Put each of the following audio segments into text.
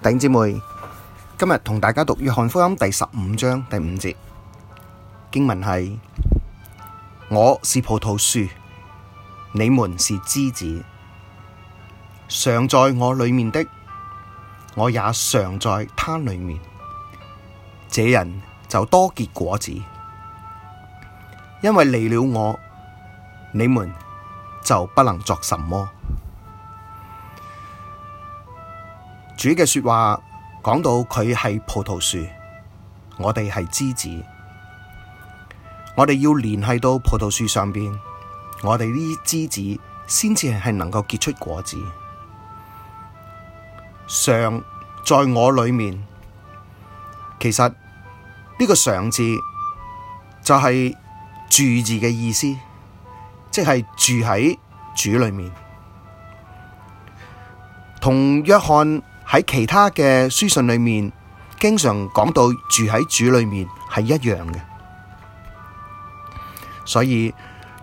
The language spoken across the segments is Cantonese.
弟兄姊妹，今日同大家讀《約翰福音》第十五章第五節經文係：我是葡萄樹，你們是枝子。常在我裏面的，我也常在他裏面。這人就多結果子，因為離了我，你們就不能做什麼。主嘅說話講到佢係葡萄樹，我哋係枝子，我哋要聯繫到葡萄樹上邊，我哋啲枝子先至係能夠結出果子。常在我裡面，其實呢個常字就係住字嘅意思，即係住喺主裡面，同約翰喺其他嘅書信裏面，經常講到住喺主裏面係一樣嘅。所以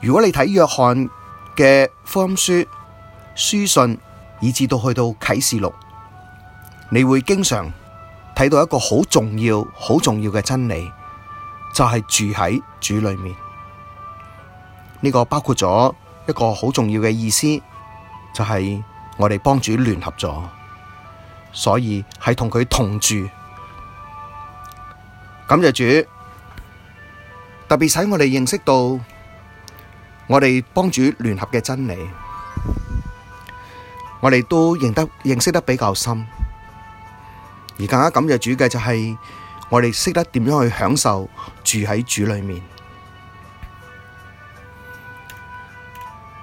如果你睇約翰嘅福音書、書信，以至到去到啟示錄，你會經常睇到一個好重要、好重要嘅真理，就係住喺主裏面。呢個包括咗一個好重要嘅意思，就係我哋幫主聯合咗。所以係同佢同住，咁就主特別使我哋認識到，我哋幫主聯合嘅真理，我哋都認得、認識得比較深。而更加感謝主嘅就係，我哋識得點樣去享受住喺主裏面。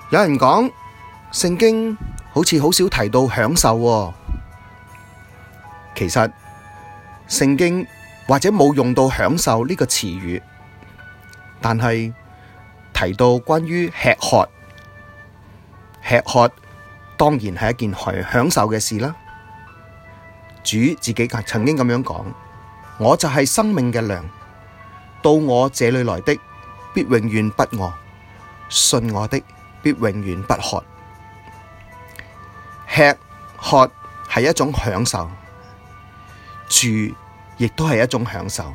有人講聖經好似好少提到享受喎。其實聖經或者冇用到享受呢個詞語，但係提到關於吃喝，吃喝當然係一件享受嘅事啦。主自己曾經咁樣講：我就係生命嘅糧，到我這裏來的必永遠不餓，信我的必永遠不渴。吃喝係一種享受。住亦都係一種享受，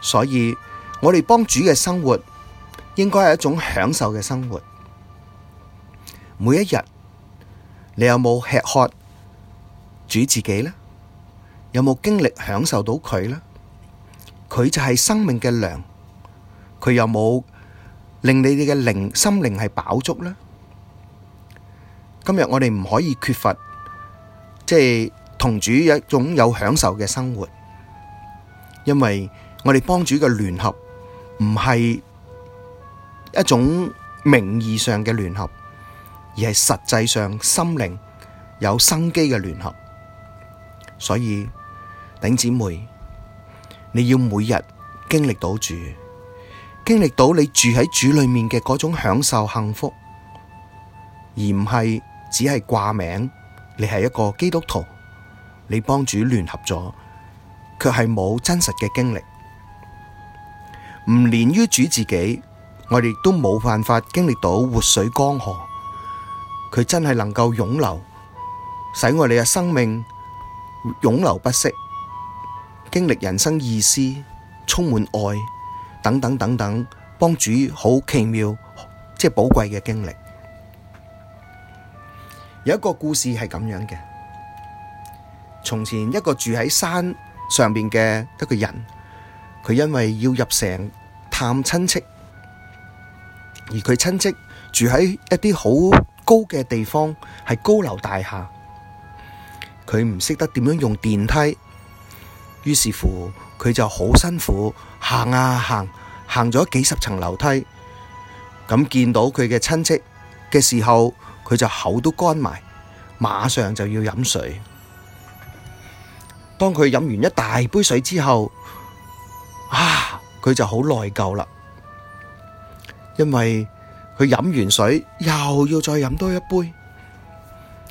所以我哋幫主嘅生活應該係一種享受嘅生活。每一日你有冇吃喝主自己咧？有冇經歷享受到佢咧？佢就係生命嘅糧，佢有冇令你哋嘅靈心靈係飽足咧？今日我哋唔可以缺乏，即係。同主一種有享受嘅生活，因為我哋幫主嘅聯合唔係一種名義上嘅聯合，而係實際上心靈有生機嘅聯合。所以頂姊妹，你要每日經歷到主，經歷到你住喺主裏面嘅嗰種享受幸福，而唔係只係掛名，你係一個基督徒。你幫主聯合咗，卻係冇真實嘅經歷，唔連於主自己，我哋亦都冇辦法經歷到活水江河，佢真係能夠湧流，使我哋嘅生命湧流不息，經歷人生意思，充滿愛，等等等等，幫主好奇妙，即係寶貴嘅經歷。有一個故事係咁樣嘅。從前一個住喺山上面嘅一個人，佢因為要入城探親戚，而佢親戚住喺一啲好高嘅地方，係高樓大廈。佢唔識得點樣用電梯，於是乎佢就好辛苦行啊行，行咗幾十層樓梯，咁見到佢嘅親戚嘅時候，佢就口都乾埋，馬上就要飲水。當佢飲完一大杯水之後，啊，佢就好內疚啦，因為佢飲完水又要再飲多一杯，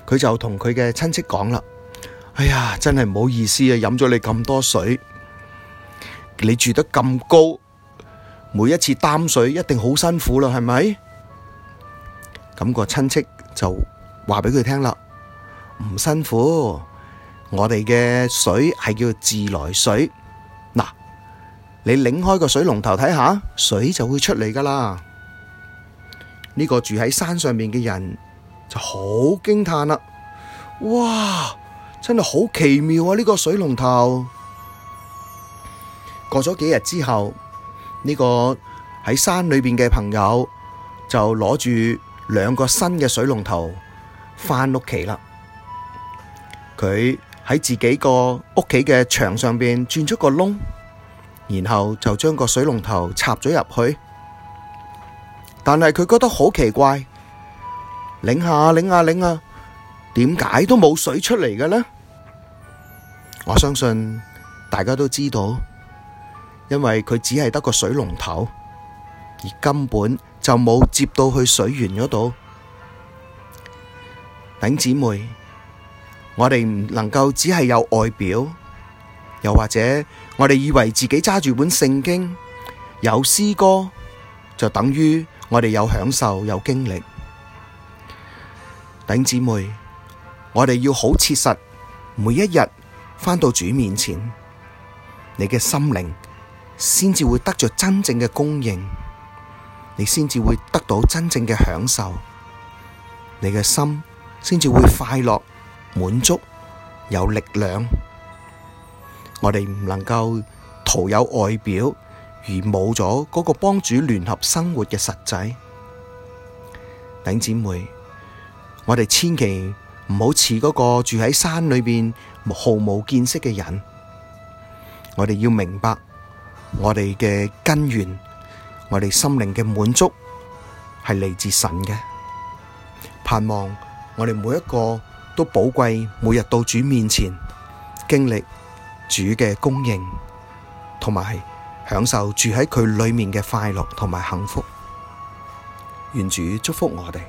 佢就同佢嘅親戚講啦：哎呀，真係唔好意思啊，飲咗你咁多水，你住得咁高，每一次擔水一定好辛苦啦，係咪？咁個親戚就話畀佢聽啦，唔辛苦。我哋嘅水係叫自來水。嗱，你擰開個水龍頭睇下，水就會出嚟噶啦。呢個住喺山上面嘅人就好驚嘆啦。哇，真係好奇妙啊！呢個水龍頭。過咗幾日之後，呢個喺山裏邊嘅朋友就攞住兩個新嘅水龍頭翻屋企啦。佢。喺自己個屋企嘅牆上邊鑽出個窿，然後就將個水龍頭插咗入去。但係佢覺得好奇怪，擰下擰下擰下，點解都冇水出嚟嘅呢？我相信大家都知道，因為佢只係得個水龍頭，而根本就冇接到去水源嗰度。等姐妹。我哋唔能夠只係有外表，又或者我哋以為自己揸住本聖經有詩歌，就等於我哋有享受有經歷。弟兄姊妹，我哋要好切實，每一日返到主面前，你嘅心靈先至會得着真正嘅供應，你先至會得到真正嘅享受，你嘅心先至會快樂，滿足有力量，我哋唔能夠徒有外表而冇咗嗰個幫主聯合生活嘅實際。弟兄姊妹，我哋千祈唔好似嗰個住喺山裏邊毫無見識嘅人。我哋要明白我哋嘅根源，我哋心靈嘅滿足係嚟自神嘅。盼望我哋每一個。都寶貴，每日到主面前，經歷主嘅供應，同埋享受住喺佢裏面嘅快樂同埋幸福。願主祝福我哋。